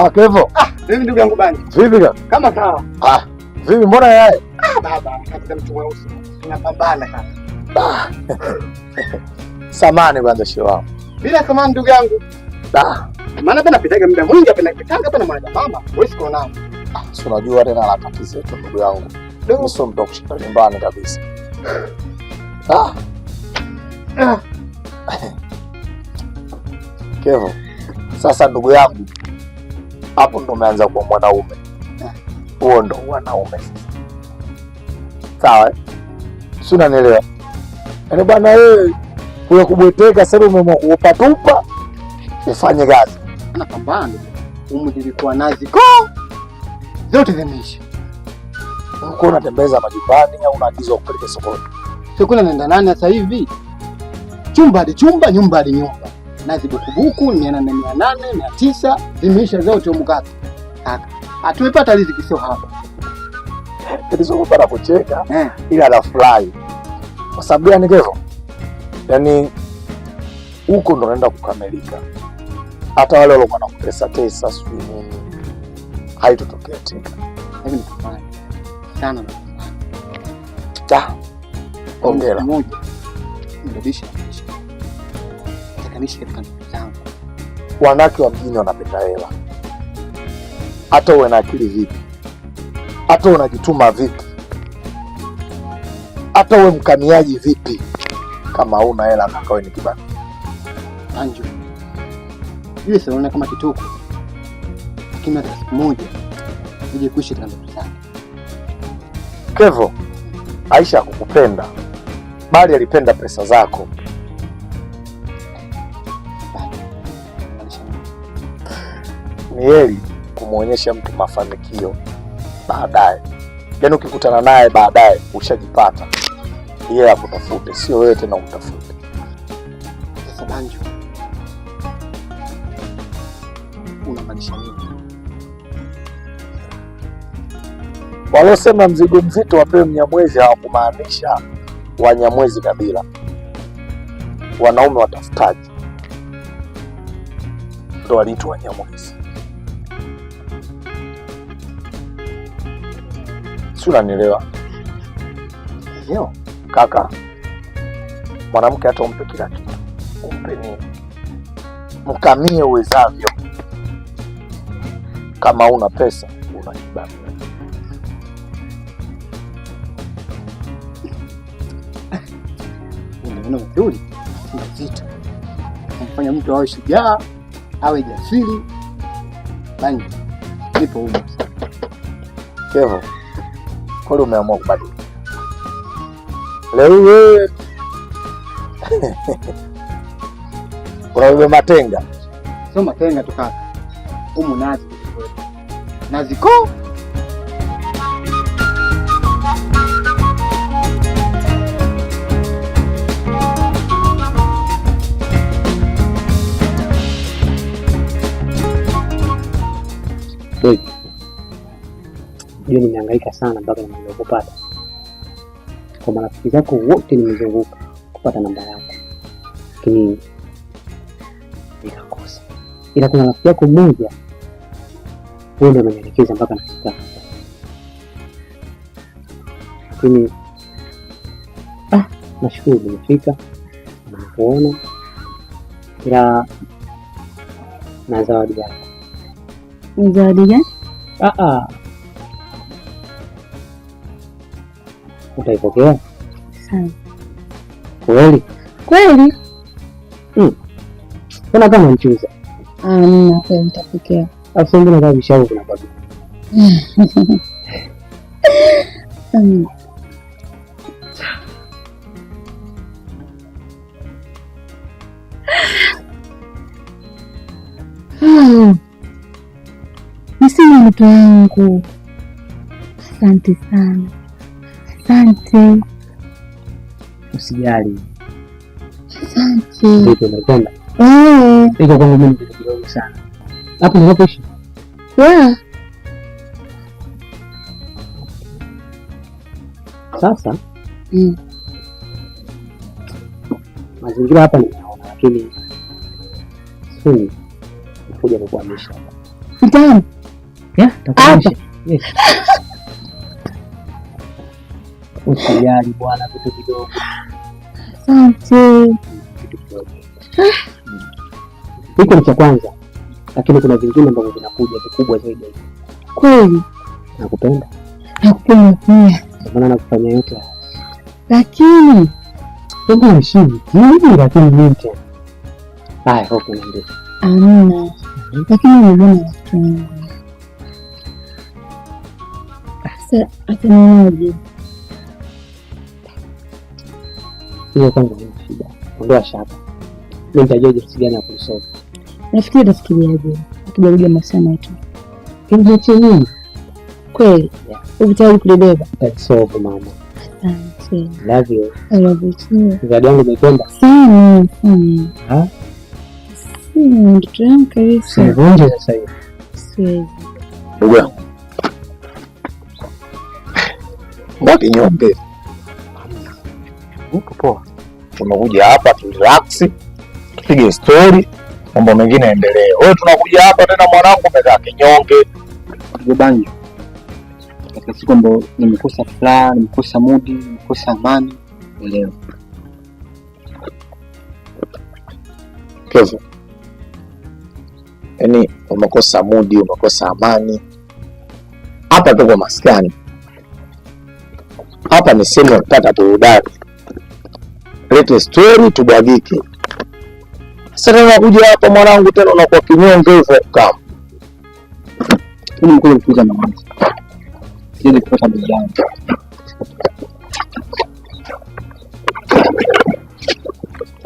Ah, Kevo. Ah, vipi ndugu yangu bani? Vipi ka? Kama sawa. Ah, vipi mbona yeye? Ah, baba, katika mtu mweusi. Tunapambana Ah. Samani bwana shehe wangu. Bila samani ndugu yangu. Da. Maana pana napitaga muda mwingi hapa napitaga hapa na mwana mama, wewe siko nao. Ah, si unajua tena la harakati zetu ndugu yangu. Ndio sio mtu kushika nyumbani kabisa. Ah. ah. Kevo. Sasa ndugu yangu hapo ndo umeanza kuwa mwanaume, huo ndo wanaume Sawa, eh? si unanielewa? Yaani bwana wewe kuna kubweteka sasa, umeamua kuupa tupa, ifanye kazi. Napambana umu nilikuwa nazi ko zote zimeisha Uko unatembeza majumbani au unaagiza kupeleka sokoni? Sokoni naenda nani sasa hivi? Chumba hadi chumba, nyumba hadi nyumba na zibukubuku mia nane mia nane mia tisa vimeisha zote mkato. Hatumepata riziki, sio hapa Kilichokupa na kucheka eh, ila anafurahi kwa sababu gani? Kevo, Yani huko ndo naenda kukamilika. Hata wale walikuwa na kutesa tesa, sijui nini, haitotokea tena. Ah, hongera nilinganishe familia zangu. Wanawake wa mjini wanapenda hela, hata uwe na akili vipi, hata unajituma vipi, hata uwe mkamiaji vipi, kama una hela kakawe ni kibaka anjo ile sinaona kama kituko, lakini hata siku moja nije kuishi tena tandoto zake. Kevo, Aisha hakukupenda bali alipenda pesa zako. ni heri kumwonyesha mtu mafanikio baadaye. Yaani ukikutana naye baadaye ushajipata, yeye yeah, akutafute, sio wewe tena umtafute. Sasa Banjo, unamaanisha nini? Waliosema mzigo mzito wapewe Mnyamwezi hawakumaanisha Wanyamwezi kabila, wanaume watafutaji ndo waliitwa Wanyamwezi. si unanielewa? Ndio kaka, mwanamke hata umpe kila kitu, umpe ni mkamie uwezavyo. Kama una pesa unajibana. Unaona uzuri na vita kumfanya mtu awe shujaa, awe jasiri. Bani ipo huko Kevo kweli umeamua kubadilika leo wewe unabeba matenga. Sio matenga tu kaka, humu nazi, nazi koo Unajua nimehangaika sana mpaka nimeweza kupata. Kwa marafiki zako wote nimezunguka kupata namba yako, lakini nikakosa. Ila kuna rafiki yako mmoja, wewe ndiye amenielekeza mpaka nafika hapa, lakini ah, nashukuru nimefika, nakuona ila na zawadi yako. Zawadi gani? Ah ah Utaipokea kweli kweli? Hmm. Kuna kama mchuza ah, nitapokea. Alafu mbona kama vishauri kuna kwa misimu mtu wangu, asante sana. Asante. Usijali. Asante. Unapenda? Eh. Iko kwangu mimi kitu kidogo sana. Hapo unapoishi? Yeah. Sasa mm. Mazingira hapa ninaona, lakini suni nakuja kukuamisha. Mtaani? Yeah, takuamisha. Yes. Usijali bwana, vitu vidogo. Asante. Hiko ni cha kwanza, lakini kuna vingine ambavyo vinakuja vikubwa zaidi. Kweli nakupenda, nakupenda pia, ndio maana nakufanya yote haya, lakini lakini mimi tena haya hofu ndio amna, mhm. lakini nimeona watu wengi sasa, atanaje hiyo kwangu haina shida, ondoa shaka. Mimi nitajua jinsi gani ya kusolve. Nafikiri utafikiriaje ukijaribu masema tu nijiachie nyuma kweli, uvitayari kulibeba tatisolve mama. Love you. I love you too. Zawadi yangu umependa sana sana. Mtoto wangu kabisa. Sivunje sasa hivi. Siwezi. Ndugu yangu. Mbaki nyombe nipo poa, tumekuja hapa tu relax, tupige story, mambo mengine endelee Wewe tunakuja hapa tena, mwanangu umekaa kinyonge. Banjo, katika siku ambayo nimekosa furaha, nimekosa mudi, nimekosa amani leo Kevo, yaani umekosa mudi, umekosa amani. Hapa tuko maskani, hapa ni sehemu ya kupata burudani tulete stori tubwagike. Sasa tena nakuja hapa mwanangu, tena unakuwa kinyonge hivyo kama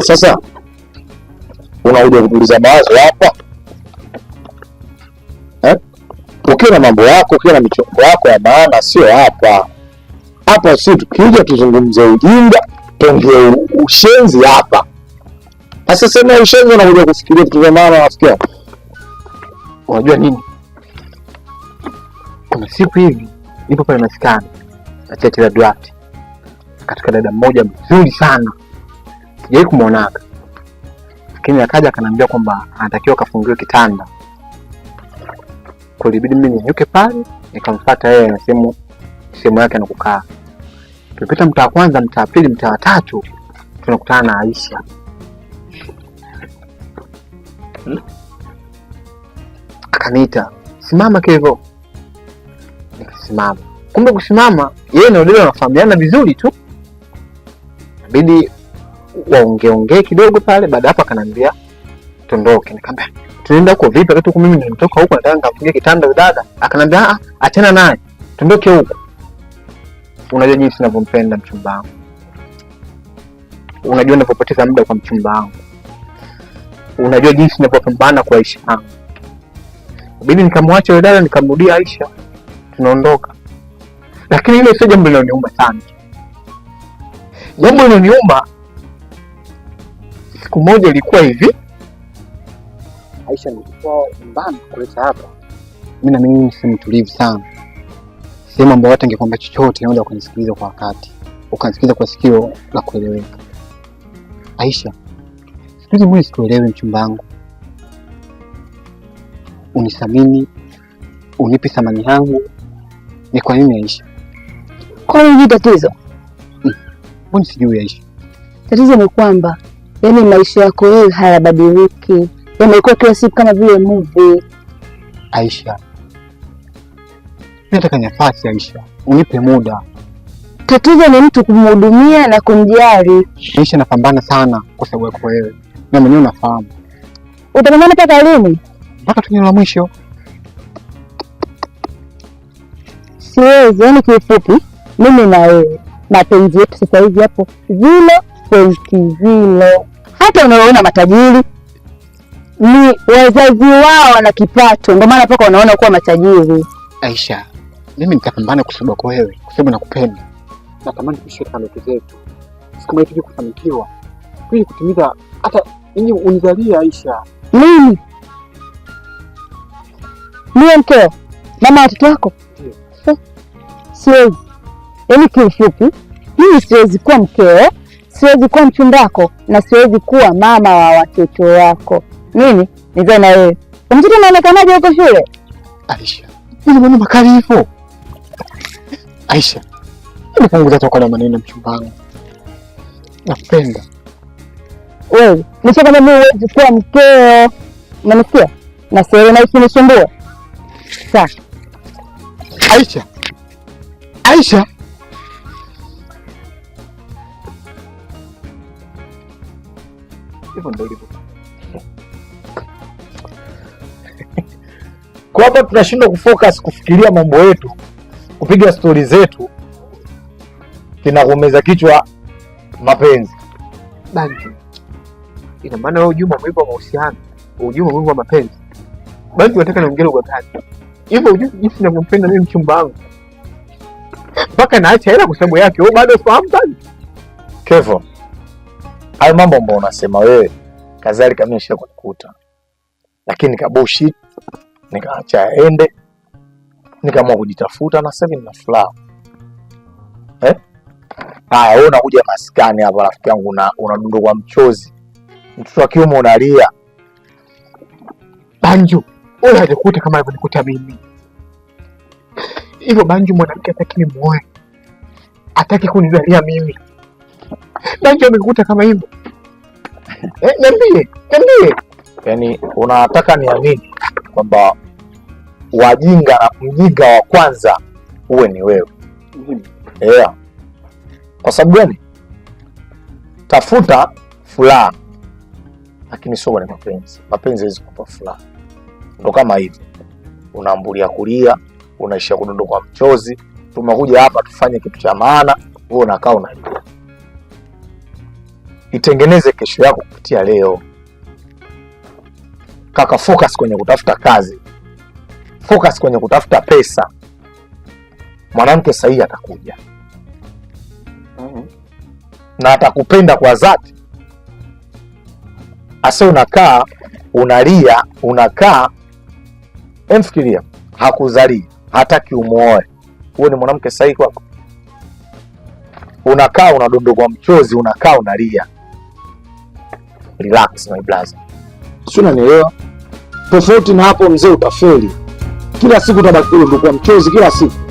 sasa unakuja kutuliza mawazo hapa eh? Ukiwa na mambo yako, ukiwa na michongo yako ya maana, sio hapa hapa. Si tukija tuzungumze ujinga tupunguze ushenzi hapa. Sasa sema ushenzi, unakuja kufikiria vitu maana. Nafikia unajua nini, kuna siku hivi nipo pale nasikana nachecheza draft katika dada mmoja mzuri sana, sijawai kumwonaga, lakini akaja akaniambia kwamba anatakiwa akafungiwe kitanda. Kulibidi mimi ninyuke pale nikamfuata yeye na sehemu sehemu yake anakukaa Tumepita mtaa wa kwanza, mtaa wa pili, mtaa wa tatu, tunakutana na Aisha. Hmm? Akaniita, simama Kevo. Nikasimama. Kumbe kusimama, yeye na Odile wanafahamiana vizuri tu, inabidi waongeongee kidogo pale. Baada hapo akaniambia tondoke, nikamwambia tunaenda huko vipi? Wakati huko mimi nimetoka huko, nataka nikafunge kitanda dada. Akaniambia ah, ah achana naye, tondoke huko Unajua jinsi ninavyompenda mchumba wangu, unajua ninavyopoteza muda kwa mchumba wangu, unajua jinsi ninavyopambana kwa Aisha yangu. Bidi nikamwacha yule dada nikamrudia Aisha, tunaondoka. Lakini hilo sio jambo linaloniuma sana. Jambo linaloniuma siku moja ilikuwa hivi, Aisha nilikuwa nyumbani kuleta hapa, mimi na mimi si mtulivu sana sehemu ambayo hata angekwambia chochote, naweza ukanisikiliza kwa wakati, ukanisikiliza kwa sikio la kueleweka. Aisha, siku hizi mimi sikuelewi, mchumba wangu, unisamini, unipe thamani yangu ni kwa nini Aisha? Kwa nini tatizo? Mm. Mbona sijui Aisha. Tatizo ni kwamba yani maisha yako wewe hayabadiliki, yamekuwa kila siku kama vile movie. Aisha, Nataka nafasi Aisha, unipe muda. Tatizo ni mtu kumhudumia na kumjali. Aisha, napambana sana kwa sababu yako wewe, na mwenyewe unafahamu. Utapambana mpaka lini? Mpaka tunyo la mwisho. Siwezi, yaani kiufupi, mimi na wewe mapenzi yetu sasa hivi hapo zilo pointi zilo. Hata unaona matajiri ni wazazi wao wana kipato, ndio maana mpaka wanaona kuwa matajiri. Aisha, mimi nitapambana kusoba kwa wewe, kwa sababu nakupenda. Natamani kushika ndoto zetu, Sikama moja kufanikiwa, Kwani kutimiza. Hata ninyi unizalia Aisha. Mimi Mimi mkeo, mama watoto wako, eh, siwezi. Yaani kiufupi, mimi siwezi kuwa mkeo, siwezi kuwa mchumbako, na siwezi kuwa mama wa watoto wako. Mimi nizae na wewe. Mtoto anaonekanaje huko shule? Aisha, maneno makali hivyo Aisha, nipunguza toka na maneno mchumba wangu. Napenda. Wewe, nicho kama mimi huwezi kuwa mkeo. Unanisikia? Na sere na usinisumbue. Sawa. Aisha. Aisha. Hivyo ndio hivyo. Kwa hapa tunashindwa kufocus kufikiria mambo yetu kupiga stori zetu kinagomeza kichwa mapenzi. Bantu, ina maana wewe Juma mwivu wa mahusiano, Juma mwivu wa mapenzi. Bantu nataka niongee lugha gani? Hivyo jinsi ninavyompenda mimi mchumba wangu mpaka naacha hela kwa sababu yake, wewe bado ufahamu Bantu? Kevo, hayo mambo ambayo unasema wewe kadhalika mimi nishakukuta, lakini kabushi nikaacha aende nikaamua kujitafuta na sasa nina furaha eh? Ah, wewe unakuja maskani hapa rafiki yangu, kwa mchozi, mtoto wa kiume unalia. Banju wewe hajakuta kama alivyonikuta mimi hivyo. Banju mwanamke hataki ni hataki kunizalia mimi. Banju amekuta kama hivyo eh? Niambie, niambie, yaani unataka niamini kwamba wajinga na mjinga wa kwanza uwe ni wewe mm -hmm. yeah. Kwa sababu gani? Tafuta furaha, lakini sio kwenye mapenzi. Mapenzi hawezi kupa furaha, ndo kama hivi unaambulia kulia, unaishia kudondoka mchozi. Tumekuja hapa tufanye kitu cha maana, wewe unakaa unalia. Itengeneze kesho yako kupitia leo, kaka. Focus kwenye kutafuta kazi focus kwenye kutafuta pesa, mwanamke sahihi atakuja mhm. na atakupenda kwa dhati, asa unakaa unalia, unakaa emfikiria, hakuzalii hataki umwoe, huyo ni mwanamke sahihi kwako? Unakaa unadondokwa mchozi, unakaa unalia. Relax my brother, si unanielewa? Tofauti na hapo mzee utafeli kila siku utabakia ndio kwa mchozi kila siku.